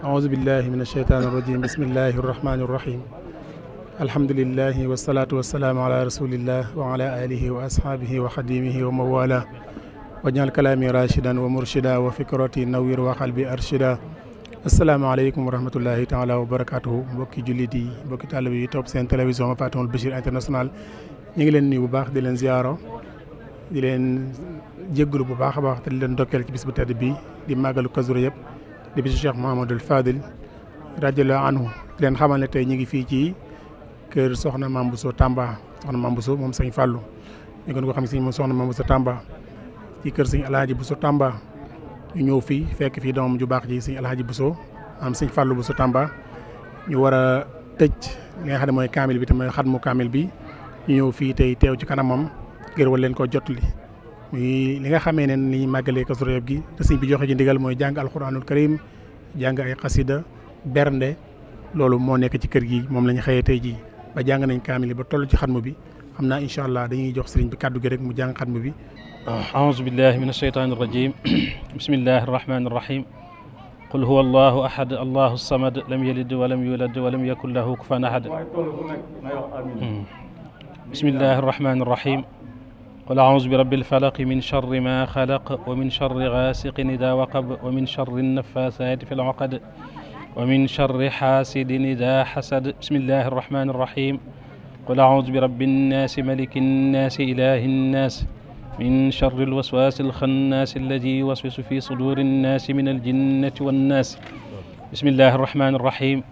aousubillah min asheytaan irajim bismillahi irrahmani irrahim alhamdulilahi wasalaatu wasalaamu ala rasulillah wa ala alihi wa ashaabihi wa xadimihi wa mawala wajal kalaami rachidan wa murshida wa fikrati nawir wa qalbi arshida asalaamaaleykum wa rahmatullahi taala wa barakatuhu mbokki jullit yi mbokki taalib yi topp seen télévision Mafaatihul Bichri international ñu ngi leen nuyu bu baax di leen ziyaaro di leen jéggalu bu baax a baax te di leen ndokkeel ci bis bu tedd bi di màggalu Kazu Rajab yëpp di bi ci Cheikh Mouhamadul Fadil radiyallahu anhu leen xamal ne tey ñu ngi fii ci kër Soxna Mame Bousso Tamba Soxna Mame Bousso moom sëñ fàllu ñu gën ko xam si moom Soxna Mame Bousso Tamba ci kër sëñ Alhaji Bousso Tamba ñu ñëw fii fekk fii doomam ju baax ji sëñ Alhaji Bousso am sëñ Fallou Bousso Tamba ñu war a tëj li nga xam ne mooy kaamil bi te mooy xatmu kaamil bi ñu ñëw fii tey teew ci kanamam ngir war leen koo jotali muy li nga xamee ne ni màggalee Kazu Rajab gi te sëñ bi joxe ci ndigal mooy jàng alxuraanul karim jàng ay xasida bernde loolu moo nekk ci kër gi moom lañ xëyee tey jii ba jàng nañ kaamil ba toll ci xatmu bi xam naa incha allah dañuy jox sëriñ bi kàddu gi rek mu jàng xatmu bi aouzu billahi min asheytaan irrajim bismillahi arrahmani irrahim qul huwa allahu ahad allahu samad lam yalid walam yulad walam yakun lahu kufan ahad hmm. bismillahi arrahmani irrahim qul aaudu bi rabbil falaq min charri ma xalaq wa min charri gaasiqin ida waqab wa min charri nafaasaati fi lcuqad wa min charri xaasidin ida xasad bismillahi arrahmani arrahim qul aaudu bi rabbi nnaasi maliki nnaasi ilahi nnaas min charri alwaswaasi alxannaasi alladi yuwaswisu fi suduri nnaasi min aljinnati wannaas bismillahi arrahmani arrahim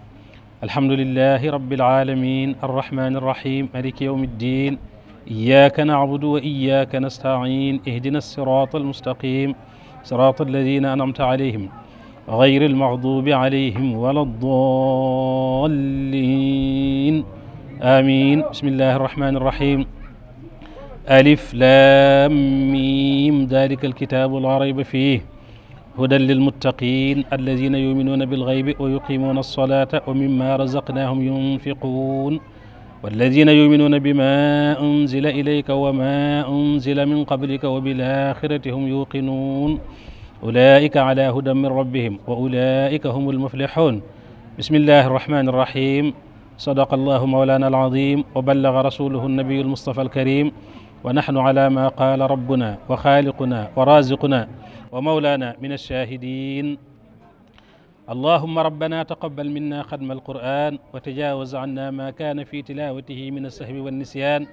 alhamdulilahi rabbil alamin arrahmani arrahim maliki yawmi ddin إياك نعبد وإياك نستعين اهدنا الصراط المستقيم صراط الذين أنعمت عليهم غير المغضوب عليهم ولا الضالين آمين بسم الله الرحمن الرحيم ألف لام ميم ذلك الكتاب لا ريب فيه هدى للمتقين الذين يؤمنون بالغيب ويقيمون الصلاة ومما رزقناهم ينفقون والذين يؤمنون بما أنزل إليك وما أنزل من قبلك وبالآخرة هم يوقنون أولئك على هدى من ربهم وأولئك هم المفلحون بسم الله الرحمن الرحيم صدق الله مولانا العظيم وبلغ رسوله النبي المصطفى الكريم ونحن على ما قال ربنا وخالقنا ورازقنا ومولانا من الشاهدين اللهم ربنا تقبل منا ختم القرآن وتجاوز عنا ما كان في تلاوته من السهو والنسيان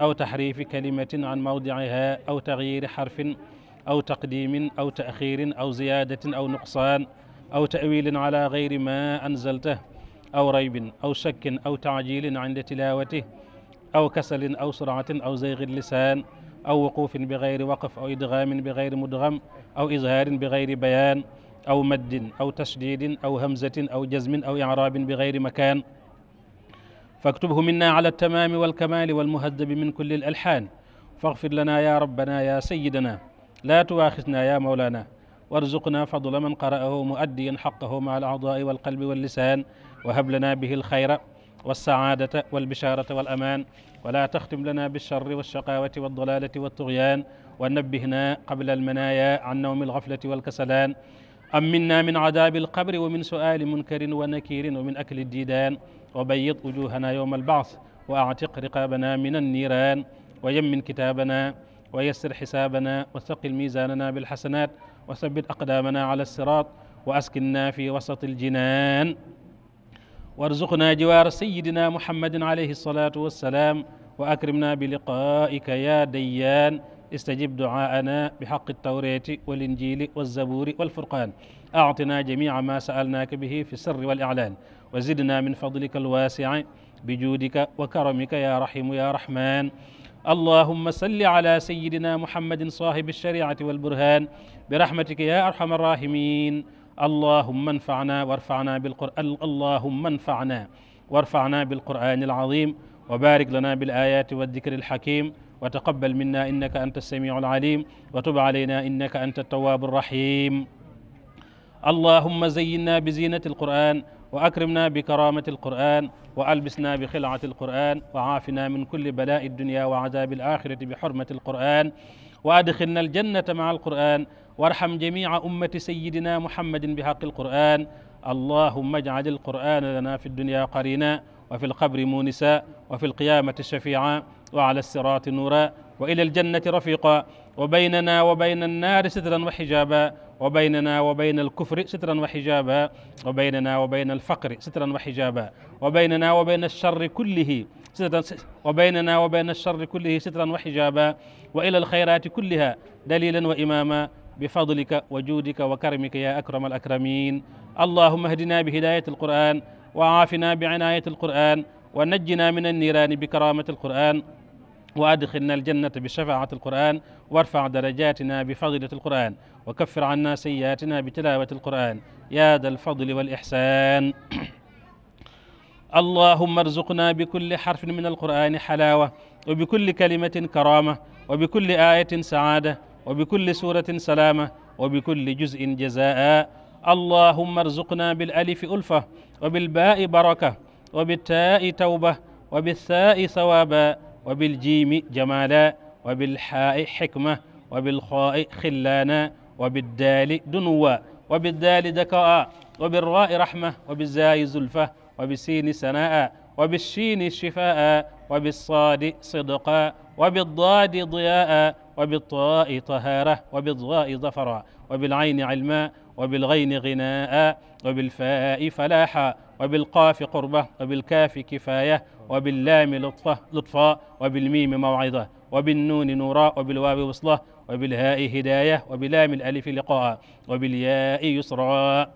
أو تحريف كلمة عن موضعها أو تغيير حرف أو تقديم أو تأخير أو زيادة أو نقصان أو تأويل على غير ما أنزلته أو ريب أو شك أو تعجيل عند تلاوته أو كسل أو سرعة أو زيغ اللسان أو وقوف بغير وقف أو إدغام بغير مدغم أو إظهار بغير بيان aw maddin aw tashdidin aw hamzatin aw jazmin aw i'rabin bi gayri makan faktubhu minna ala altamami walkamali walmuhadabi min kulli alalhan faghfir lana ya rabbana ya sayidana la tuwaxisna ya mawlana warzuqna fadla man qara'ahu muaddiyan xaqahu ma alaadai walqalbi wallisan wahab lana bihi alxayra والسعادة والبشارة والأمان ولا تختم لنا بالشر والشقاوة والضلالة والطغيان ونبهنا قبل المنايا عن نوم الغفلة والكسلان am minna min aadabi alqabri wa min suali munkarin wa nakirin wa min akli didan wa bayid wujuhana yowma albaas wa atiq riqabana min anniran wa yammin kitabana wa yassir xisabana wa saqil misanana bilxasanat wa sabit aqdamana ala alsirat wa askinna fi wasati aljinan warzuqna jiwaar sayidina muhammadin alayhi alsalatu wassalam wa akrimna biliqaika ya dayyan istajib du'aana bi xaqi tawreeti wal injiili wal zabuuri wal furqaan a'tinaa jamiica maa sa'alnaaka bihi fi sirri wal i'laan wa zidnaa min fadlika alwaasici bi juudika wa karamika yaa rahiimu yaa raxmaan allahumma salli calaa sayyidinaa muhammadin saahibi shariicati wal burhaan bi raxmatika yaa arxama arraahimiin allahumma anfacnaa warfacnaa bilqur'aan allahumma anfacnaa warfacnaa bilqur'aani alcaziim wa baarik lanaa bil aayaati wa dikri alxakiim وتقبل منا إنك أنت السميع العليم وتب علينا إنك أنت التواب الرحيم اللهم زينا بزينة القرآن وأكرمنا بكرامة القرآن وألبسنا بخلعة القرآن وعافنا من كل بلاء الدنيا وعذاب الآخرة بحرمة القرآن وأدخلنا الجنة مع القرآن وارحم جميع أمة سيدنا محمد بحق القرآن اللهم اجعل القرآن لنا في الدنيا قرينا وفي القبر مونسا وفي القيامة شفيعا wa ala sirati nuura wa ila aljannati rafiqa wa baynana wa bayna annaari sitran wa xijaaba wa baynana wa bayna alkufri sitran wa xijaaba wa baynana wa bayna alfaqri sitran wa xijaaba wa baynana wa bayna alcharri kullihi sitran wa baynana wa bayna alcharri kullihi sitran wa xijaaba wa ila alxayrati kulliha dalilan wa imaama بفضلك وجودك وكرمك يا أكرم الأكرمين اللهم اهدنا بهداية القرآن وعافنا بعناية القرآن ونجنا من النيران بكرامة القرآن wa adxilna aljannata bi shafaati alquran warfac darajatina bi fadilati alquran wa kaffir canna sayyi'aatina bi tilaawati alquran yaa da alfadli walixsan allahuma arzuqna bi kulli xarfin min alqurani xalaawa wa bi kulli kalimatin karaama wa bi kulli aayatin sacaada wa bi kulli suuratin salaama wa bi kulli juz'in jazaa'a allahuma arzuqna bilalifi ulfa wa bilbaa'i baraka wa bittaa'i tawba wa bithaa'i sawaaba wa biljimi jamala wa bilxaa'i xikma wa bilxaa'i xillaana wa biddaali dunuwa wa biddaali daka'a wa birraa'i rahma wa bizaayi zulfa wa bisiini sanaa'a wa bishiini shifaa'a wa bissaadi sidqa wa biddaadi diyaa'a wa bittaa'i tahaara wa bidgaa'i zafara wa bilcayni cilmaa wa bilgayni ginaa'a wa bilfaa'i falaaxa وبالقاف قربة وبالكاف كفاية وباللام لطفة لطفاء وبالميم موعظة وبالنون نورا وبالواو وصلة وبالهاء هداية وبلام الألف لقاء وبالياء يسرا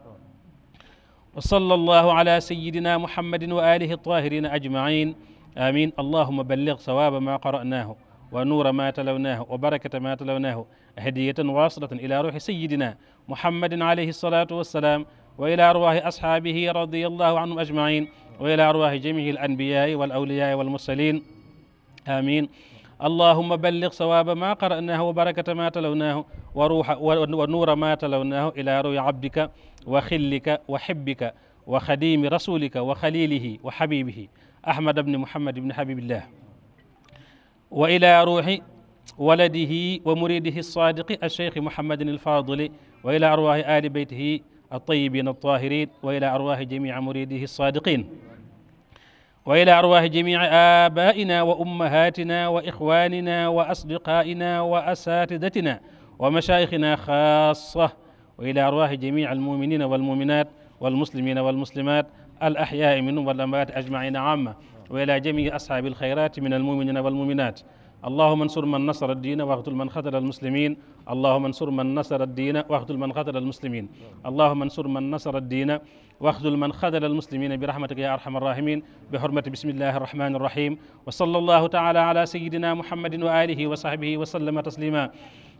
وصلى الله على سيدنا محمد وآله الطاهرين أجمعين آمين اللهم بلغ صواب ما قرأناه ونور ما تلوناه وبركة ما تلوناه هدية واصلة إلى روح سيدنا محمد عليه الصلاة والسلام وإلى أرواح أصحابه رضي الله عنهم أجمعين وإلى أرواح جميع الأنبياء والأولياء والمرسلين آمين اللهم بلغ صواب ما قرأناه وبركة ما تلوناه وروح ونور ما تلوناه إلى روي عبدك وخلك وحبك وخديم رسولك وخليله وحبيبه أحمد بن محمد بن حبيب الله وإلى روح ولده ومريده الصادق الشيخ محمد الفاضل وإلى أرواح آل بيته الطيبين الطاهرين وإلى أرواح جميع مريده الصادقين وإلى أرواح جميع آبائنا وأمهاتنا وإخواننا وأصدقائنا وأساتذتنا ومشايخنا خاصة وإلى أرواح جميع المؤمنين والمؤمنات والمسلمين والمسلمات الأحياء منهم والأموات أجمعين عامة وإلى جميع أصحاب الخيرات من المؤمنين والمؤمنات اللهم انصر من نصر الدين واقتل من خذل المسلمين اللهم انصر من نصر الدين واخذل من خذل المسلمين اللهم انصر من نصر الدين واخذل من خذل المسلمين برحمتك يا ارحم الراحمين بحرمه بسم الله الرحمن الرحيم وصلى الله تعالى على سيدنا محمد واله وصحبه وسلم تسليما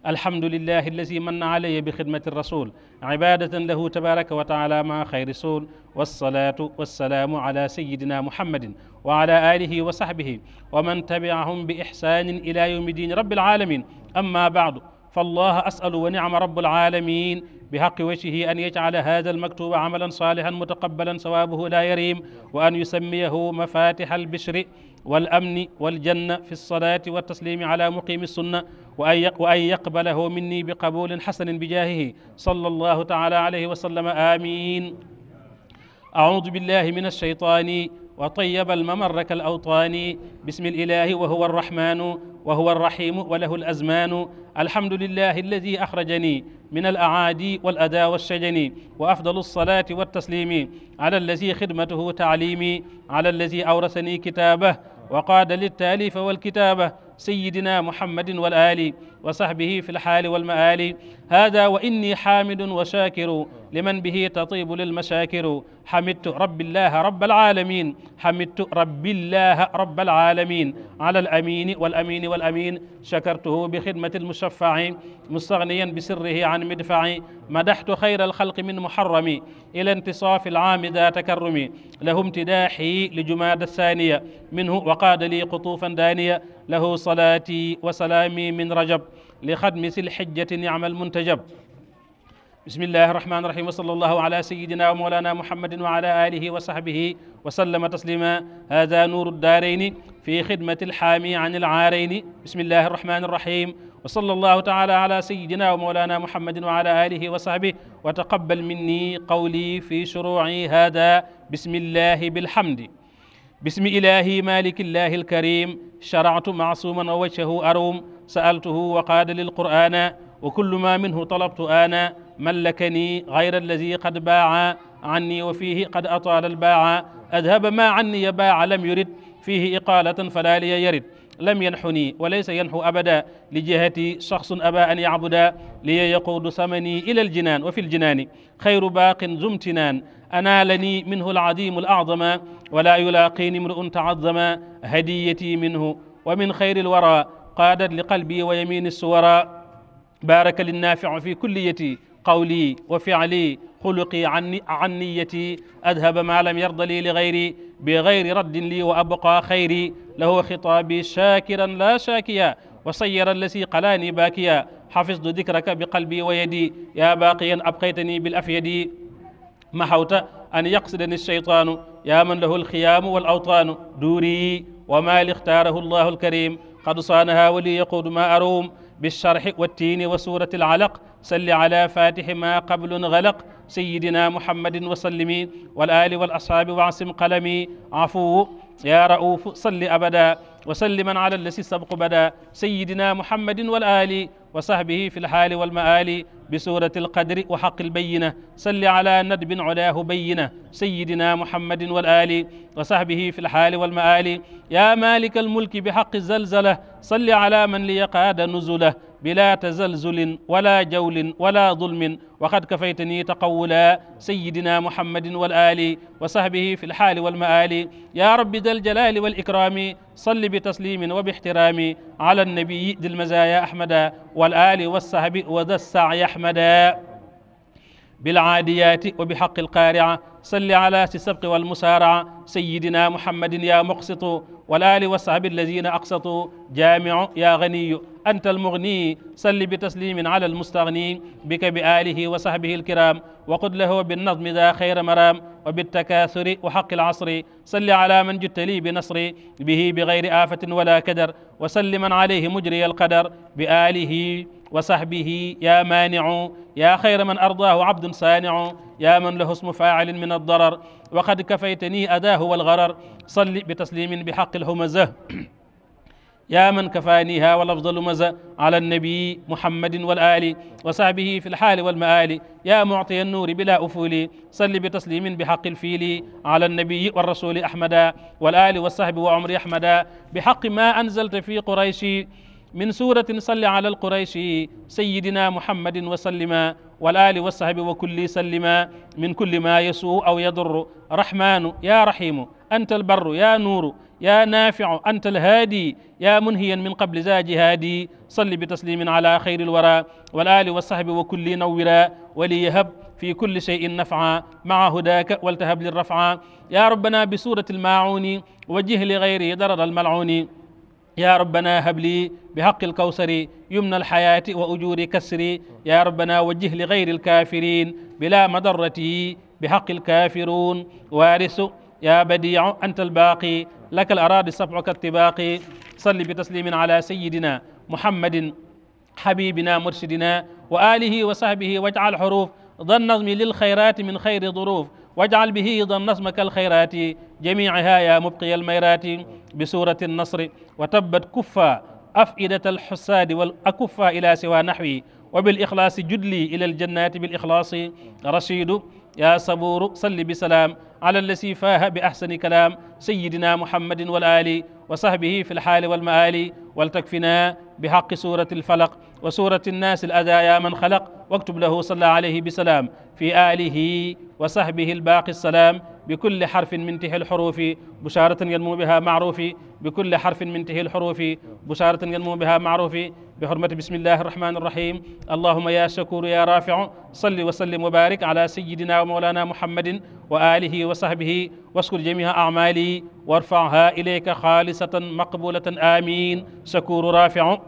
الحمد لله الذي من علي بخدمة الرسول عبادة له تبارك وتعالى مع خير رسول والصلاة والسلام على سيدنا محمد وعلى آله وصحبه ومن تبعهم بإحسان إلى يوم الدين رب العالمين أما بعد فالله أسأل ونعم رب العالمين بحق وجهه أن يجعل هذا المكتوب عملا صالحا متقبلا ثوابه لا يريم وأن يسميه مفاتح البشر والأمن والجنة في الصلاة والتسليم على مقيم السنة وأن يقبله مني بقبول حسن بجاهه صلى الله تعالى عليه وسلم آمين أعوذ بالله من الشيطان وطيب الممر كالأوطان بسم الإله وهو الرحمن وهو الرحيم وله الأزمان الحمد لله الذي أخرجني من الأعادي والأداء والشجن وأفضل الصلاة والتسليم على الذي خدمته تعليمي على الذي أورثني كتابه وقاد للتاليف والكتابة سيدنا محمد والآل وصحبه في الحال والمآل هذا وإني حامد وشاكر لمن به تطيب للمشاكر حمدت رب الله رب العالمين حمدت رب الله رب العالمين على الأمين والأمين والأمين شكرته بخدمة المشفع مستغنيا بسره عن مدفعي مدحت خير الخلق من محرمي إلى انتصاف العام ذا تكرمي له امتداحي لجماد الثانية منه وقاد لي قطوفا دانية له صلاتي وسلامي من رجب لخدم ذي الحجة نعم المنتجب bismillahi irahmani irahim wa sala allahu ala sayidina wa moolana muhammadin wa ala alihi wa sahbihi wa sallama taslima hada nuuru daarayni fi xidmati alxaami an ilaarayni bismillahi irahmani irahim wa sala allahu taala ala sayidina wa moolana muhammadin wa ala alihi wa sahbihi wa taqabal minni qawli fi shuruci hada bismillahi bilhamdi bismi ilahi maliki illahi alkarim sharactu macsuman wa wajhahu arum sa'altuhu wa qaada lilqur'ana wa kullu ma minhu talabtu ana ملكني غير الذي قد باع عني وفيه قد أطال الباع أذهب ما عني باع لم يرد فيه إقالة فلا لي يرد لم ينحني وليس ينحو أبدا لجهتي شخص أبى أن يعبدا لي يقود ثمني إلى الجنان وفي الجنان خير باق ذو امتنان أنالني منه العظيم الأعظم ولا يلاقيني امرؤ تعظم هديتي منه ومن خير الورى قادت لقلبي ويمين السورى بارك للنافع في كليتي qawli wa fi'li xuluqi an niyati adhaba ma lam yarda li li gayri bi gayri raddin lii wa abqa xayri lahu xitaabi shaakiran la shaakiya wa sayara lasi qalaani baakiya xafiztu dikraka bi qalbi wa yadi yaa baaqiyan abqaytani bil afyadi mahawta an yaqsidani shaytaanu yaa man lahu alxiyaamu wal awtaanu duuri wa maa li ixtaarahu allahu alkarim qad saanaha wa li yaquudu ma aruum bi sharxi wa tiini wa suurati alalaq salli ala fatihi ma qablun galaq sayidina muhammadin wa sallimi wal ali wal ashaabi wa asim qalami afuwu ya ra'ufu salli abada wa salliman ala lasi sabqu bada sayidina muhammadin wal ali wa sahbihi fi lhaali wal maali bi surati alqadri wa xaqi albayina salli ala nadbin olaahu bayina sayidina muhammadin wal ali wa sahbihi fi lhaali wal maali ya malika almulki bi xaqi zalzala salli ala man liya qaada nuzula bila tazalzulin wala jawlin wala dulmin waxad kafaytani taqawula sayidina muhammadin wal ali wa sahbihi fi lxaali walmaali ya rabbi dal jalali wal ikrami salli bi taslimin wa bixtirami ala annabiyi dil mazaya ahmada wal ali wa sahbi wa da saaya ahmada bil aadiyati wa bi xaqi alqaaria salli ala si sabqi wal musaaraa sayyidina muhammadin yaa muqsitu wal aali wa sahbi allazina aqsatu jaamiu yaa ganiyu anta almugni salli bi taslimin ala almustagni bika bi aalihi wa sahbihi alkiram wa qud lahu binnadmi daa xayra maraam wa bittakaasuri wa xaqi alasri salli ala man jutta lii bi nasri bihi bi gayri aafatin wala kadar wa salli man alayhi mujri alqadar bi aalihi wa sahbihi ya maaniu ya xayra man ardaahu abdun saaniu ya man lahu ismu faacilin min addarar wa qad kafaytani adaahu walgarar salli bi taslimin bi xaqi lhumaza ya man kafaaniha wal afdalu maza ala annabii muhammadin wal aali wa sahbihi fi lxaali walmaali ya muctiya annuuri bila ufuuli salli bi taslimin bi xaqi lfiili ala annabii warrasuli ahmada wal aali wa sahbi wa umri ahmada bi xaqi ma anzalta fi qurayshi min suratin salli ala alqurayshi sayidina muhammadin wa sallima wal ali wa sahbi wa kulli sallima min kulli ma yasuu aw yadurru rahmanu ya rahimu anta albarru ya nuuru ya naafiu anta alhaadi ya munhiyan min qabli za jihaadi salli bi taslimin ala xayri alwara wal ali wa sahbi wa kulli nawwira wali yahab في كل شيء نفعا مع هداك والتهب للرفعا يا ربنا بسورة الماعون وجه لغيره ضرر الملعون يا ربنا هب لي بحق الكوثر يمن الحياة وأجور كسري يا ربنا وجه لغير الكافرين بلا مضرتي بحق الكافرون وارث يا بديع أنت الباقي لك الأراضي السبع كالطباق صل بتسليم على سيدنا محمد حبيبنا مرشدنا وآله وصحبه واجعل حروف ظن نظمي للخيرات من خير ظروف واجعل بهيضا نسمك الخيرات جميعها يا مبقي الميرات بسورة النصر وتبت كفا أفئدة الحساد والأكفا إلى سوى نحوي وبالإخلاص جدلي إلى الجنات بالإخلاص رشيد يا صبور صل بسلام على الذي فاه بأحسن كلام سيدنا محمد والآل وصحبه في الحال والمآل ولتكفنا بحق سورة الفلق وسورة الناس الأذى يا من خلق واكتب له صلى عليه بسلام في آله وصحبه الباقي السلام بكل حرف من تهي الحروف بشارة ينمو بها معروف بكل حرف من تهي الحروف بشارة ينمو بها معروف بحرمة بسم الله الرحمن الرحيم اللهم يا شكور يا رافع صل وسلم وبارك على سيدنا ومولانا محمد وآله وصحبه واشكر جميع أعمالي وارفعها إليك خالصة مقبولة آمين شكور رافع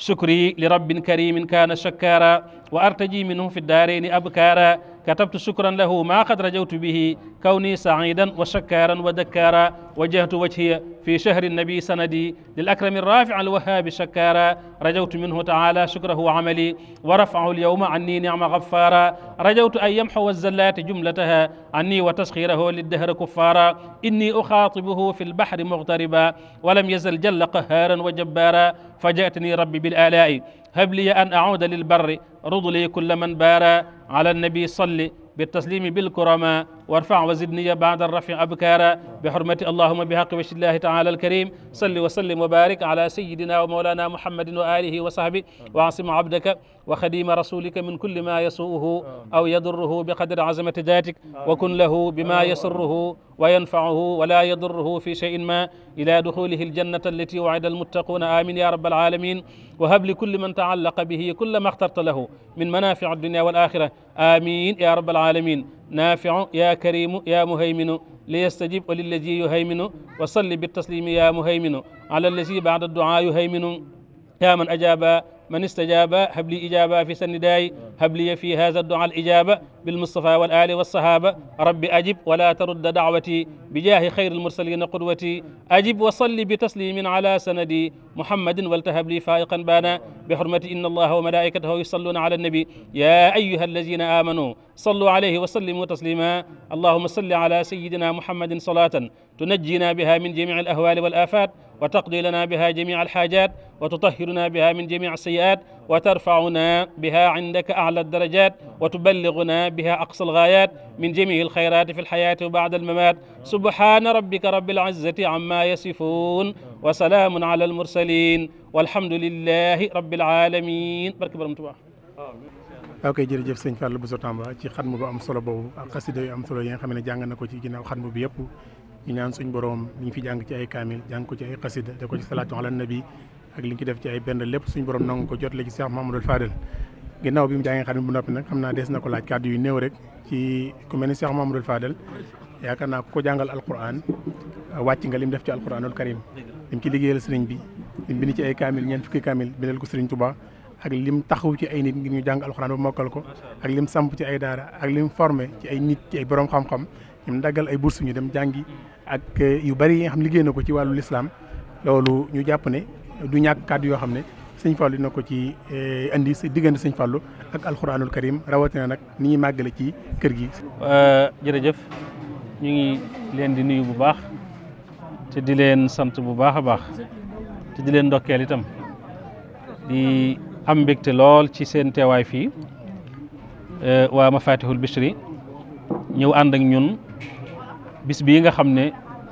شكري لرب كريم كان شكارا وأرتجي منه في الدارين أبكارا كتبت شكرا له ما قد رجوت به كوني سعيدا وشكارا ودكارا وجهت وجهي في شهر النبي سندي للأكرم الرافع الوهاب شكارا رجوت منه تعالى شكره عملي ورفعه اليوم عني نعم غفارا رجوت أن يمحو الزلات جملتها عني وتسخيره للدهر كفارا إني أخاطبه في البحر مغتربا ولم يزل جل قهارا وجبارا fajaatani rabbi bil alaa'i hab liya an auda lil barri رضلي كل من بار على النبي صلي بالتسليم بالكرما وارفع وزدني بعد الرفع أبكارا بحرمة اللهم بحق وجه الله تعالى الكريم صل وسلم وبارك على سيدنا ومولانا محمد وآله وصحبه وعصم عبدك وخديم رسولك من كل ما يسوءه أو يضره بقدر عزمة ذاتك وكن له بما يسره وينفعه ولا يضره في شيء ما إلى دخوله الجنة التي وعد المتقون آمين يا رب العالمين وهب لكل من تعلق به كل ما اخترت له من منافع الدنيا والآخرة آمين يا رب العالمين نافع يا كريم يا مهيمن ليستجب للذي يهيمن وصل بالتسليم يا مهيمن على الذي بعد الدعاء يهيمن يا من أجاب من استجاب هب لي إجابة في سنداي هب لي في هذا الدعاء الإجابة بالمصطفى والآل والصحابة رب أجب ولا ترد دعوتي بجاه خير المرسلين قدوتي أجب وصل بتسليم على سندي محمد والتهب لي فائقا بانا بحرمة إن الله وملائكته يصلون على النبي يا أيها الذين آمنوا صلوا عليه وسلموا تسليما اللهم صل على سيدنا محمد صلاة تنجينا بها من جميع الأهوال والآفات وتقضي لنا بها جميع الحاجات وتطهرنا بها من جميع السيئات وترفعنا بها عندك أعلى الدرجات وتبلغنا بها أقصى الغايات من جميع الخيرات في الحياة وبعد الممات سبحان ربك رب العزة عما يصفون وسلام على المرسلين والحمد لله رب العالمين barke Borom Tuubaa ok jërëjëf sëñ Fallou Bousso Tamba ci xatmu bu am solo boobu ak xasida yu am solo yi nga xam ne jàng na ko ci ginnaaw xatmu bi yëpp ñu ñaan suñ borom ñu fi jàng ci ay kaamil jàng ko ci ay xasida da ko ci salaatu ala nabi ak li ci def ci ay benn lépp suñ borom nangu ko jot léegi Cheikh Mamadou Fadel ginnaaw bi mu jàngee xam ne bu noppi nag xam naa des na ko laaj kàddu yu néew rek ci ku mel ni Cheikh Mamadou Fadel yaakaar naa ku ko jàngal alquran wàcc nga li mu def ci alquranul karim li mu ci liggéeyal sëriñ bi lim bind ci ay kaamil ñeent fukki kaamil bindal ko sëriñ Touba ak lim taxaw ci ay nit ngir ñu jàng alquran ba mokkal ko ak lim samp ci ay daara ak lim formé ci nit ci ay borom xam-xam ñum daggal ñu dem jàngi ak yu bari yi nga xam liggéey na ko ci wàllu lislaam loolu ñu jàpp ne du ñàkk kàddu yoo xam ne sëñ Fallou dina ko ci eh, indi si diggante sëñ Fallou ak alxuraanul karim rawatina nag ni ñuy la ci kër gi. Euh, jërëjëf ñu ngi leen di nuyu bu baax te di leen sant bu baax a baax te di leen ndokkeel itam di am mbégte lool ci seen teewaay fii euh, waa ma Mafatihul Bichri ñëw ànd ak ñun bis bi nga xam ne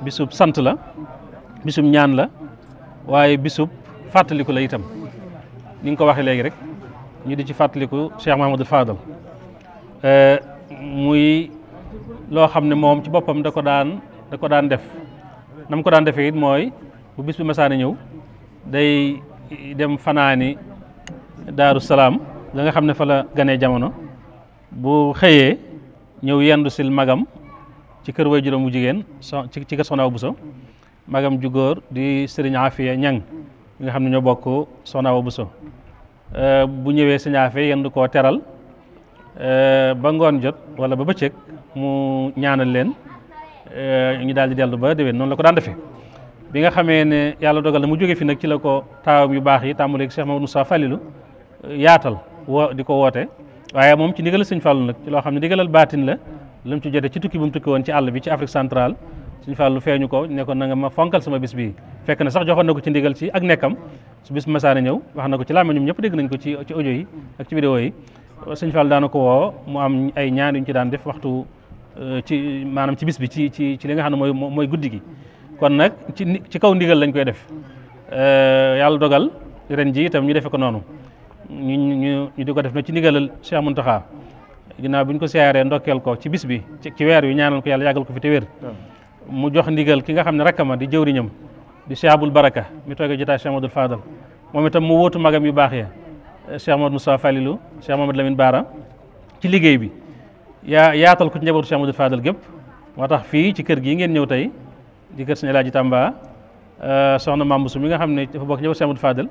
bisub sant la bisub ñaan la waaye bisub fàttaliku la itam ni nga ko waxee léegi rek ñu di ci fàttaliku Cheikh Mahamadou Fadal eh, muy loo xam ne moom ci boppam da ko daan da ko daan def na ko daan defee it mooy bu bis bi masaani ñëw day dem fanaani daaru salaam la nga xam ne fa la ganee jamono bu xëyee ñëw yendu sil magam ci kër way juróom bu jigéen ci kër soxna Awa Bousso magam ju góor di sëriñ Afiya Ñang bi nga xam ne ñoo bokk soxna Awa Bousso eh, bu ñëwee sëñ Afe yendu koo teral eh, ba ngoon jot wala ba bëccëg mu ñaanal leen eh, ñu daal di dellu ba déwén noonu la ko daan defee bi nga xamee ne yàlla dogal na mu jóge fi nag ci la ko taawam yu baax yi tàmbalee Cheikh Mamadou Moussa Fallilu yaatal woo di ko woote waaye moom ci ndigal sëñ Fallu nag ci loo xam ne ndigalal baatin la lu mu ci jote ci tukki bu mu tukki woon ci àll bi ci Afrique central suñ fàllu feeñu ko ne ko na nga ma fonkal sama bis bii fekk na sax joxoon na ko ci ndigal ci ak nekkam su bis masaana ñëw wax na ko ci làmmiñum ñëpp dégg nañ ko ci ci audio yi ak ci vidéo daana ko woo mu am ay ñaan yu ci daan def waxtu euh, ci maanaam ci bis bi ci ci ci li nga xam ne mooy mooy guddi gi kon nag ci ci kaw ndigal lañ koy def euh, yàlla dogal ren ji ñu defe ko noonu ñu ñu ñu di ko def na ci ndigalal Cheikh Mountakha ginnaaw bi ñu ko siyaaree ndokkeel ko ci bis bi ci weer wi ñaanal ko yàlla yàggal ko fi te wér mu jox ndigal ki nga xam ne rakkama di jëwriñam di Cheikh Abul Baraka mi toogee jotaay Cheikh Amadou moom itam mu wóotu magam yu baax ya eh, Cheikh Amadou Moussa Falilou Cheikh Mamadou Lamine Baara ci liggéey bi yaa yaatal ko ci njabootu Cheikh Amadou gépp moo tax fii ci kër gii ngeen ñëw tey di kër Sëñ Alaaji Tamba eh, soxna Mamboussou mi nga xam ne dafa boo njabootu Cheikh Amadou Fadal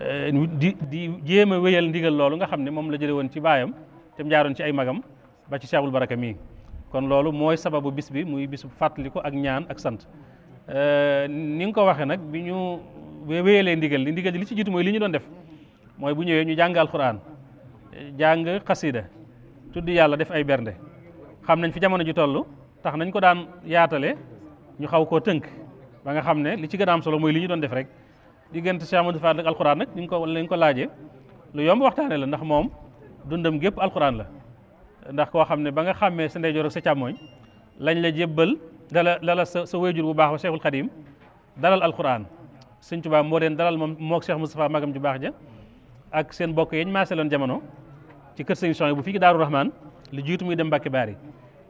eh, di di jéem a wéyal ndigal loolu nga xam ne moom la jële woon ci baayam te mu ci ay magam ba ci Cheikh Baraka mii kon loolu mooy sababu bis bi muy bisu fàttaliku ak ñaan ak sant euh, ni nga ko waxee nag bi ñu wéyalee ndigal li ndigal li ci jiitu mooy li ñu doon def mooy bu ñëwee ñu jàng alxuraan jàng xasida tudd yàlla def ay bernde xam nañ fi jamono ji toll tax nañ ko daan yaatale ñu xaw koo tënk ba nga xam ne li ci gën a solo mooy li ñu doon def rek diggante Cheikh Amadou Fall ak alxuraan nag ni ñu ko lañ ko laajee lu yomb waxtaane la ndax moom dundam gépp alxuraan la ndax koo xam ne ba nga xàmmee sa ndeyjoor ak sa càmmooñ lañ la jébbal dala dala sa sa wéyjur bu baax ba Cheikhul Khadim dalal alquran Sëñ Tuubaa moo leen dalal moom moog Cheikh Moustapha magam ju baax ja ak seen bokk yeñ maase loon jamono ci kër Sëñ Son bu fii ki Daaru Rahman lu jiitu muy dem mbaki Baari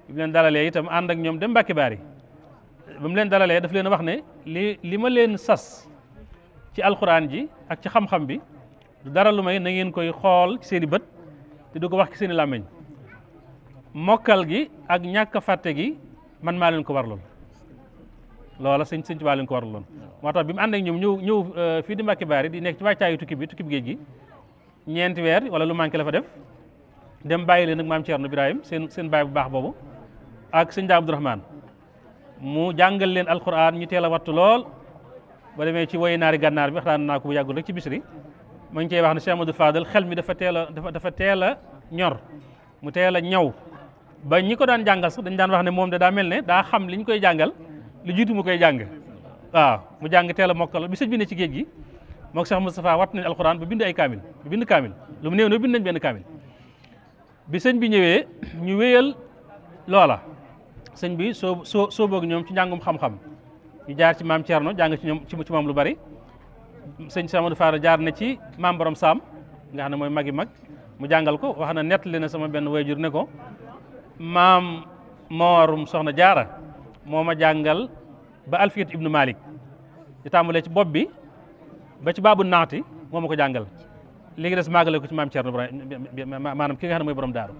bi leen dalalee itam ànd ak ñoom dem mbaki Baari ba mu leen dalalee daf leen wax ne li li ma leen sas ci alquran ji ak ci xam-xam bi du dara lu may na ngeen koy xool ci bët te du ko wax seen làmmiñ mokkal gi ak ñàkk fàtte gi man maa leen ko warloon loola sëñ sëñ Tuubaa leen ko warloon moo tax bi mu ànd ak ñoom ñëw ñëw euh, fii di Mbàkke Baari di nekk ci wàccaayu tukki bi tukki bi géej gi ñeenti weer wala lu manqué la fa def dem bàyyi leen ak maam Thierno Ibrahim seen seen baay bu baax boobu ak sëñ daa Abdourahmane mu jàngal leen alquran ñu teel a wattu lool ba demee ci woy naari gànnaar bi waxtaan naa ko bu yàggul rek ci bisri ma ngi cey wax ne Cheikh Amadou Fadal xel mi dafa teel a dafa dafa teel a ñor mu teel a ñaw ba ñi ko daan jàngal sax dañ daan wax ne moom de daa mel ne daa xam li ñu koy jàngal lu jiitu mu koy jàng waaw mu jàng teel a mokkal bi sëñ bi ne ci géej gi mook Cheikh Moustapha watt nañ alxuraan ba bind ay kaamil ba bind kaamil lu ne bind nañ benn kaamil bi sëñ bi ñëwee ñu wéyal loola sëñ bi soo soo soo boog ñoom ci njàngum xam-xam ñu jaar ci maam Thierno jàng ci ñoom ci moom lu bari sëñ Samadou Faara jaar na ci maam Borom Saam nga xam ne mooy magi mag mu jàngal ko wax na nett nettali na sama benn wayjur ne ko maam Mawarum soxna jaara moo ma jàngal ba alfiyat ibnu malik di tàmbalee ci bopp bi ba ci baabu naati moo ma ko jàngal léegi des maagale ko ci maam Thierno maanaam ki nga xam borom daaru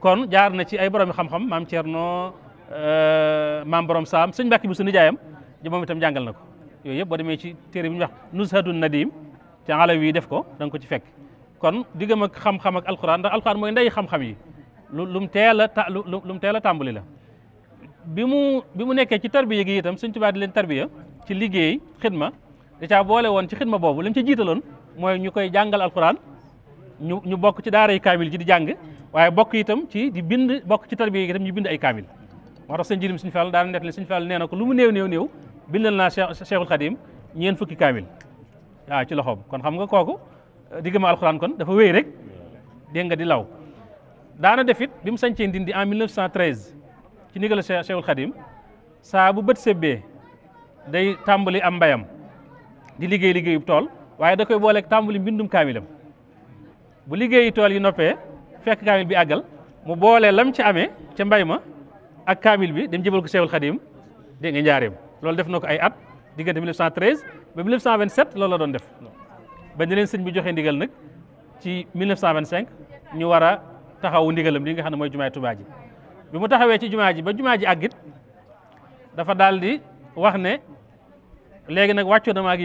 kon jaar na ci ay borom xam-xam maam Thierno euh, maam borom saam sëñ Mbàkke bu su nijaayam ji moom itam jàngal na ko yooy yëpp boo demee ci téere bi ñuy wax Nuzhatun Nadim te alawi def ko da ko ci fekk kon diggam ak xam-xam ak alxuraan ndax alxuraan mooy ndey xam-xam yi lu lu mu teel a ta lu teel a tàmbali la bi mu bi mu nekkee ci tarbiya gi itam Sëñ Tuubaa di leen tarbiya ci liggéey xidma da caa boole woon ci xidma boobu li ca ci jiitaloon mooy ñu koy jàngal alquran ñu ñu bokk ci daara yi kaamil ji di jàng waaye bokk itam ci di bind bokk ci tarbiya gi itam ñu bind ay kaamil moo tax sëñ jirim suñu fàll daana nettali suñu fàll nee na ko lu mu néew néew néew bindal naa Cheikhul Khadim ñeen fukki kaamil waaw ci loxoom kon xam nga kooku digg ma alquran kon dafa wéy rek dégg nga di law daana defit bi mu sañcee ndindi en 1913 ci ndigal Cheikhul Khadim saa bu bët sebbee day tàmbali am mbayam di liggéey liggéeyu tool waaye da koy booleeg tàmbali mbindum kaamilam bu liggéeyi tool yi noppee fekk kaamil bi àggal mu boolee lam ci amee ca mbay ma ak kaamil bi dem jëbal ko Cheikhul Khadim dégg nga njaareem loolu def na ko ay at diggante 1913 ba 1927 loolu la doon def ba ñu leen sëñ bi joxe ndigal nag ci 1925 ñu war a taxawu ndigalam li nga xam ne mooy jumaay Tuubaa ji bi mu taxawee ci jumaa ji ba jumaa ji àggit dafa daal di wax ne léegi nag wàccoo na ma ak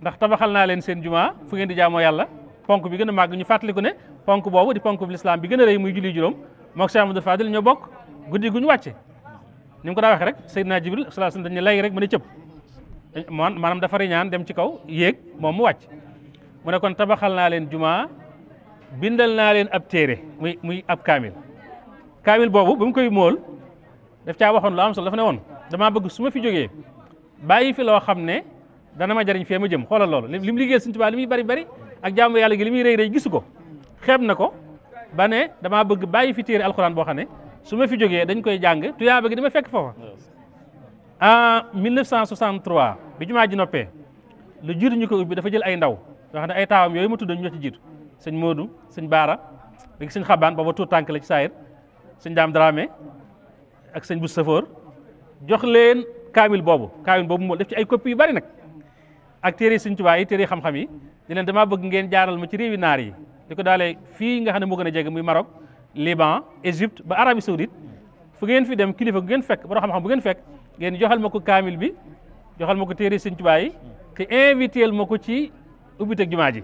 ndax tabaxal naa leen seen jumaa fu ngeen di jaamoo yàlla ponk bi gën a màgg ñu fàttaliku ne ponk boobu di ponk bi lislaam bi gën a rëy muy julli juróom mook Cheikh Amadou Fadil ñoo bokk guddi gu ñu wàcce ni mu ko daa waxee rek Seydina Jibril sallallahu alayhi wasallam dañu lay rek mën a cëpp eh, maanaam dafa riñaan dem ci kaw yéeg moom mu wàcc mu kon tabaxal naa leen jumaa bindal naa leen ab téere muy muy ab kaamil kaamil boobu ba mu koy móol daf caa waxoon lu am solo dafa ne woon damaa bëgg su ma fi jógee bàyyi fi loo xam ne dana ma jariñ fee ma jëm xoolal lool li mu liggéeyal Sëñ Tuubaa li muy bari bari ak jaamu yàlla gi li muy rëy rëy gisu ko xeeb na ko ba ne damaa bëgg bàyyi fi téere alxuraan boo xam ne su ma fi jógee dañ koy jàng tuyaaba gi dama fekk foofa en 1963 bi jumaa ji noppee lu jiitu ñu ko ubbi dafa jël ay ndaw yoo ne ay taawam yooyu ma tuddoon ñoo ci sëñ Modou sëñ Baara léegi sëñ Xabaan booba tuut tànk la ci saayir sëñ Daam Dramé ak sëñ bu Safoor jox leen kaamil boobu kaamil boobu moo def ci ay copie yu bari nag ak téere sëñ Tuubaa yi téere xam-xam yi di leen damaa bëgg ngeen jaaral ma ci réewi naar yi di ko daalee fii nga xam ne moo gën a jege muy Maroc Liban Égypte ba Arabie Saoudite fu ngeen fi dem kilifa gu ngeen fekk borom xam-xam bu ngeen fek ngeen joxal ma ko kaamil bi joxal ma ko téere sëñ Tuubaa yi te invité ma ko ci ubbiteg jumaa ji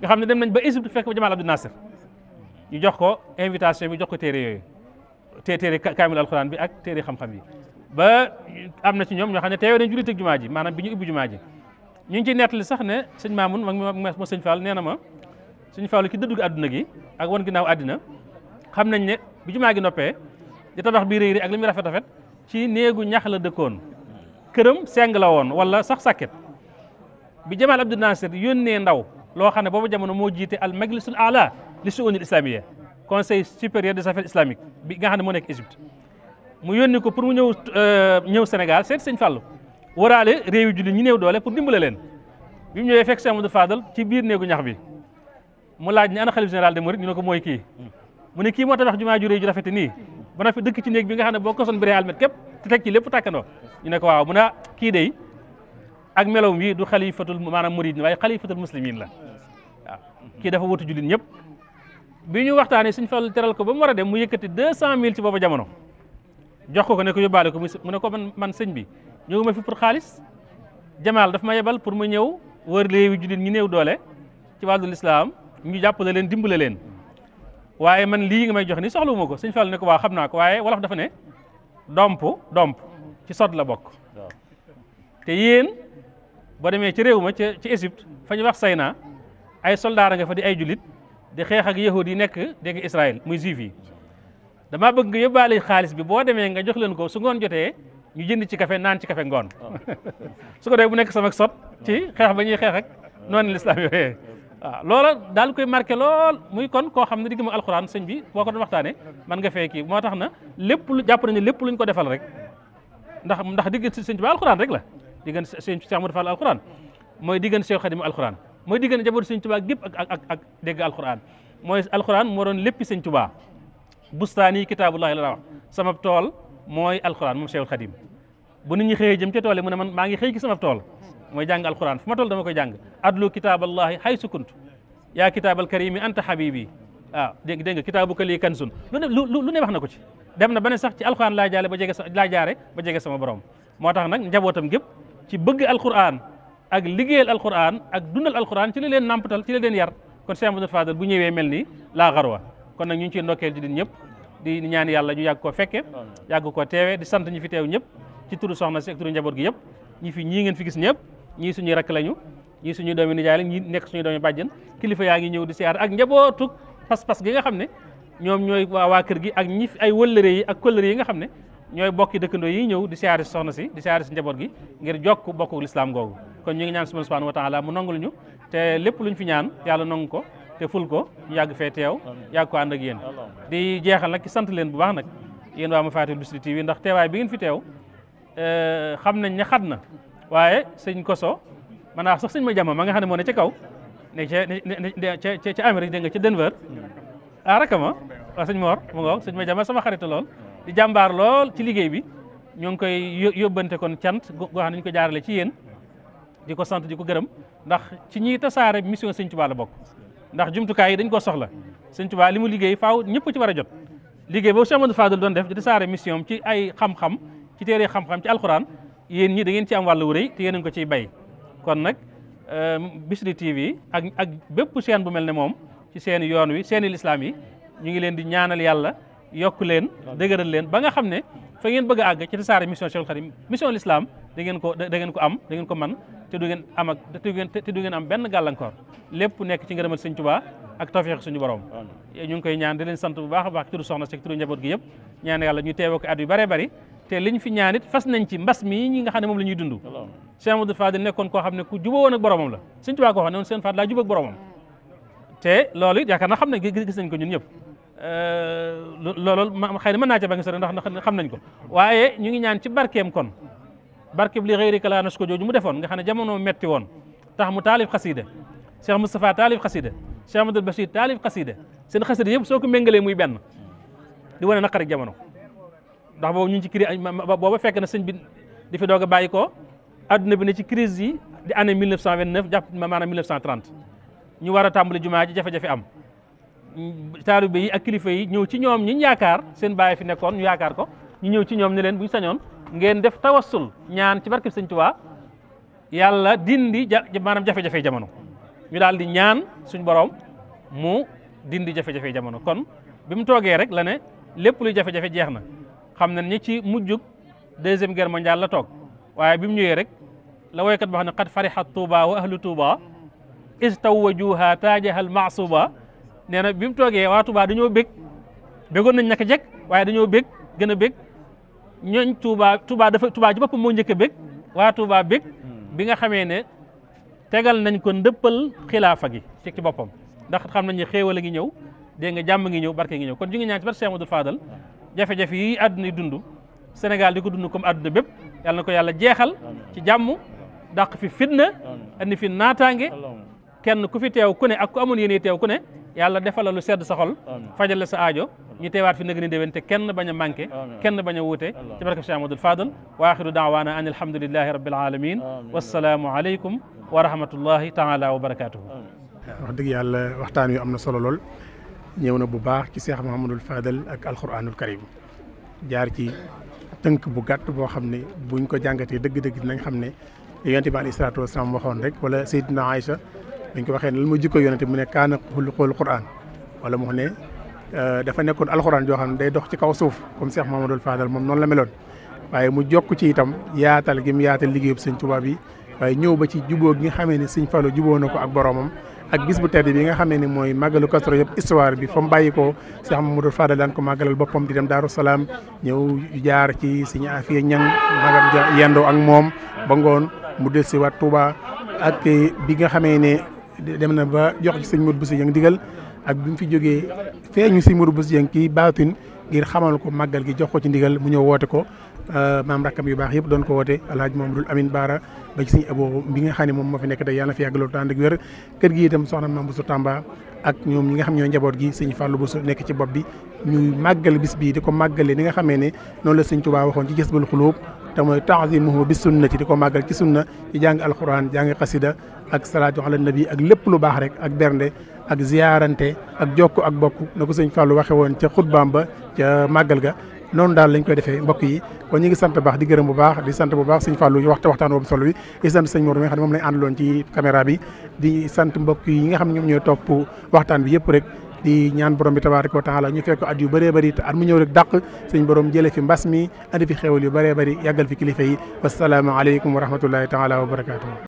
nga xam ne dem nañ ba Égypte fekk ba Jamal Abdou Nasser ñu jox ko invitation bi jox ko téere yooyu te téere kaamil alxuraan bi ak téere xam-xam yi ba am na ci ñoom ñoo xam ne teewee nañ jullit ak jumaa ji maanaam bi ñu ubbi jumaa ji ñu ngi ciy nettali sax ne sëñ Maamun ma ma sëñ Fall nee na ma sëñ Fall ki dëddu àdduna gi ak wan ginnaaw àddina xam nañ ne bi jumaa gi noppee da tabax bii réeri ak a muy rafet rafet ci néegu ñax la dëkkoon këram seng la woon wala sax sàkket bi Jamal Abdou Nasser yónnee ndaw loo xam ne boobu jamono moo jiite al majlisul ala li suunil islamiyya conseil supérieur des affaires islamiques bi nga xam ne moo nekk Égypte mu ko pour mu ñëw euh, ñëw seet sëñ Fallou waraale réew julli ñu néew doole pour dimbale bi mu ñëwee fekk Cheikh Amadou Fadal ci biir néegu ñax bi mu laaj ni ana xalif général de Mouride ñu ne ko mooy kii mu ne kii jumaa ju réy ju rafete nii ba na ci néeg bi nga xam ne boo ko son ak meloom wi du xalifatul maanaam murid waaye xalifatul muslimin la waaw kii dafa wutu jullit ñëpp bi ñu waxtaanee suñ fal teral ko ba mu war a dem mu yëkkati deux cent mille ci boobu jamono jox ko ko ne ko yóbbaale ko mu ne ko man man sëñ bi ñëw ma fi pour xaalis jamaal daf ma yebal pour ma ñëw wër léewi jullit ñu néew doole ci wàllu lislaam ñu jàppale leen dimbale leen waaye man lii nga may jox ni soxla ma ko suñ fal ne ko waa xam naa ko waaye wolof dafa ne domp domp ci sot la bokk te yéen boo demee ci réew ma ca ci Égypte fa ñu wax naa ay soldaar nga fa di ay julit di xeex ak yahud yi nekk dégg Israël muy juif yi damaa bëgg nga yóbbaale xaalis bi boo demee nga jox leen ko su ngoon jotee ñu jënd ci café naan ci kafe ngoon su ko dee bu nekk samak sot ci xeex ba ñuy xeex ak noonu lislaam yooyee waaw loola daal koy marqué lool muy kon koo xam ne digg ma alxuraan sëñ bi boo ko doon waxtaane man nga fee kii moo tax na lépp lu jàpp nañu lépp luñ ko defal rek ndax ndax digg sëñ bi rek la diggan sëñ Cheikh Amadou Fall alquran mooy diggan Cheikh Khadim alquran mooy diggan jaboot sëñ Tuubaa gépp ak ak ak dégg alquran mooy alquran moo doon léppi sëñ Tuubaa bustaani kitaabullahi la wax sama tool mooy alquran moom Cheikhul Khadim bu nit ñi xëyee jëm ca tool yi mu ne man maa ngi xëy ci sama tool mooy jàng alquran fu ma tool dama koy jàng adlu kitaaballahi hay sukunt yaa kitaabal karimi anta habibi waaw ah, dégg dégg nga kitaabu ka lii kansun lu ne lu ne wax na ko ci dem na ba ne sax ci alxuraan laa jaare ba jege laa jaare ba jege sama borom moo tax nag njabootam gépp ci bëgg al alquran ak liggéeyal alquran ak al alquran ci la leen nàmpatal ci la leen yar kon Cheikh Amadou Fadal bu ñëwee mel ni laa xarwa kon nag ñu ngi ciy ndokkeel ji din ñëpp di ñaan yàlla ñu yàgg koo fekke yàgg ko teewe di sant ñu fi teew ñëpp ci turu soxna si ak turu njaboot gi yëpp ñi fi ñii ngeen fi gis ñëpp ñii suñuy rakk lañu ñii suñuy doomi nijaay la ñii nekk suñuy doomi bàjjen kilifa yaa ngi ñëw di siyaar ak njabootuk pas-pas gi nga xam ne ñoom ñooy waa waa gi ak ñi ay wëllëre yi ak kóllëre yi nga xam ne ñooy bokki dëkkandoo yi ñëw di siyaare si soxna si di siyaare si njaboot gi ngir jokk bokku lislaam googu kon ñu ngi ñaan subhaanahu wa taala mu nangul ñu te lépp luñ fi ñaan yàlla nangu ko te ful ko ñu yàgg fee teew yàgg ko ànd ak yéen di jeexal nag ki sant leen bu baax nag yéen waa Mafatihul Bichri TV ndax teewaay bi ngeen fi teew euh, xam nañ ne xat na waaye sëñ koso man naa sax sëñ ma jàmm ma nga xam ne moo ne ca kaw ne ca ca ca Amérique nga ca Denver mm. ah rakama waaw sëñ Mor mu ngoog sëñ ma jàmm sama xarit lool di jàmbaar lool ci liggéey bi ñoo ngi koy yóbbante kon cant goo xam ne ñu ko jaarale ci yéen di ko sant di ko gërëm ndax ci ñi tasaare mission Sëñ Tuubaa bokk ndax jumtukaay yi dañ ko soxla Sëñ li mu liggéey faaw ñëpp ci war a jot liggéey boobu Cheikh Amadou doon def di tasaare mission ci ay xam-xam ci téere xam-xam ci alxuraan yéen ñi da ngeen ci am wàllu wurëy te yéen a ngi ko ciy bay kon nag euh, Bichri TV ak ak bépp seen bu mel ne moom ci seen yoon wi seen i lislaam yi ñu ngi leen di ñaanal yàlla yokk leen dëgëral leen ba nga xam ne fa bëgg a àgg ci tasaare mission Cheikhul Khadim mission l'islam da ngeen ko da ngeen ko am da ngeen ko man te du am benn gàllankoor lépp nekk ci ngërëmal Sëñ Tuubaa ak tawfeex suñu borom ñu koy ñaan di leen sant bu baax a baax tudd soxna si tudd njaboot gi yëpp ñaan yàlla ñu teewe ko at yu bare bari te liñ fi ñaan it fas ci mbas mii ñi nga xam ne moom la ñuy dund Cheikh Amadou Fadil nekkoon koo xam ne ku jubóo woon ak boromam la Sëñ Tuubaa xam ne woon seen faat ko ñun ñëpp Euh, loolu xëy na ma naa ca bañ a sori ndax xam nañ ko waaye ñu ngi ñaan ci barkeem kon barkeem li xëy na nas ko jooju mu defoon nga xam ne jamono metti woon tax mu taalif xasida Cheikh Moustapha taalif xasida Cheikh Amadou Bachir taalif xasida seen xasida yëpp soo ko méngalee muy benn di wane naqari jamono ndax boobu ñu ngi ci crise booba fekk na sëñ bi di fi doog a bàyyi ko adduna bi ne ci crise yi di année 1929 jàpp maanaam 1930 ñu war a tàmbali jumaa ji jafe-jafe am. taalibe yi ak kilifa yi ñëw ci ñoom ñiñ yaakaar seen baay fi nekkoon ñu yaakaar ko ñu ñëw ci ñoom ne leen bu ñu sañoon ngeen def tawassul ñaan ci barkeb sëñ Tuubaa yàlla dindi ja maanaam jafe-jafe jamono ñu daal di ñaan suñ borom mu dindi jafe-jafe jamono kon bi mu toogee rek la ne lépp luy jafe-jafe jeex na xam nañ ñi ci mujjub deuxième guerre mondiale la toog waaye bi mu rek la woykat boo xam ne qad farihat wa ahlu Touba is tawwajuha taajaha al nee na bi mu toogee waa Touba dañoo bég bégoon nañ naka jekk waaye dañoo bég gën a bég ñooñ Touba Touba dafa Touba ci boppam moo njëkk a bég waa Touba bég hmm. bi nga xamee ne tegal nañ ko ndëppal xilaafa gi ci boppam ndax xam nañ ne xéewal ñëw dégg nga jàmm ngi ñëw barke ngi ñëw kon ñu ngi ñaan ci bar Cheikh Amadou Fadal jafe-jafe yi àdduna yi dund Sénégal di ko dund comme àdduna bépp yàlla na ko yàlla jeexal ci jàmm dàq fi fitna andi fi naataange kenn ku fi teew ku ne ak ku amoon yéene teew ne yàlla defal la lu sedd sa fajal la sa aajo ñu teewaat fi nag ni déwén te kenn baña a kenn bañ a wuute ci barke Cheikh Amadou Fadal wa axiru daawaana an alhamdulillahi rabbil alamin wassalaamu aleykum wa rahmatullahi taala wa barakatuhu wax dëgg yàlla waxtaan wi am na solo lool ñëw na bu baax ci Cheikh Mahamadul Fadal ak alquranul karim jaar ci tënk bu gàtt boo xam ne buñ ko jàngatee dëgg-dëgg dinañ xam ne yonent bi alayhi salaatu wasalaam waxoon rek wala Seydina Aïcha dañ ko waxee ne lan mooy jikko yonente mu ne kaana xuluqul Qur'an wala mu ne euh, dafa nekkoon alxuraan joo xam ne day dox ci kaw suuf comme Cheikh Mamadou Fadal moom noonu la meloon waaye mu jokk ci itam yaatal gi mu yaatal liggéeyub sëñ Tuubaa bi waaye ñëw ba nga xamee ne sëñ Fallu jubóo ko ak boromam ak bis bu tedd bi nga xamee ne mooy màggalu Kazu Rajab histoire bi fa bàyyi ko Cheikh ci sëñ Afiya Ñang magam yendoo ak moom ba ngoon mu dellusiwaat Tuubaa ak bi nga xamee ne dem na ba jox ci sëñ Modou Bousso Dieng ndigal ak bi mu fi jógee fee ñu sëñ Modou bu Dieng kii baatin ngir xamal ko màggal gi jox ko ci ndigal mu ñëw woote ko euh, maam rakkam yu baax yëpp doon ko woote alhaaj Mamadou Amine Baara ba ci sëñ bi nga xam ne moom moo fi nekk tey yàlla fi yàgg loolu tànd ak wér kër gi itam Tamba ak ñoom ñi nga xam ñooy njaboot gi sëñ Fallou Bousso nekk ci bopp bi ñuy màggal bis bii di ko màggalee ni nga xamee ne noonu la sëñ Touba waxoon ci jës bal xuluub te mooy taasimuhu bi ci di ko màggal ci sunna ci jàng alxuraan jàng xasida ak salaatu ala nabi ak lépp lu baax rek ak bernde ak ziyaarante ak jokk ak bokk na ko sëñ Fallou waxe woon ca xutbaam ba ca màggal ga noonu daal lañ koy defee mbokk yi kon ñu ngi sant baax di gërëm bu baax di sant bu baax sëñ Fallou waxta waxtaan woom solo bi di sant sëñ Mor mi nga xam ne moom lañ àndaloon ci caméra bi di sant mbokk yi nga xam ne ñoom ñooy topp waxtaan bi yëpp rek di ñaan borom bi tabaaraka wa taala ñu fekk at yu bëree bëri te at mu ñëw rek dàq suñ borom jëlee fi mbas mi andi fi xéwal yu bëree bëri yàggal kilifa yi wasalaamaaleykum wa rahmatullahi taala wa barakaatu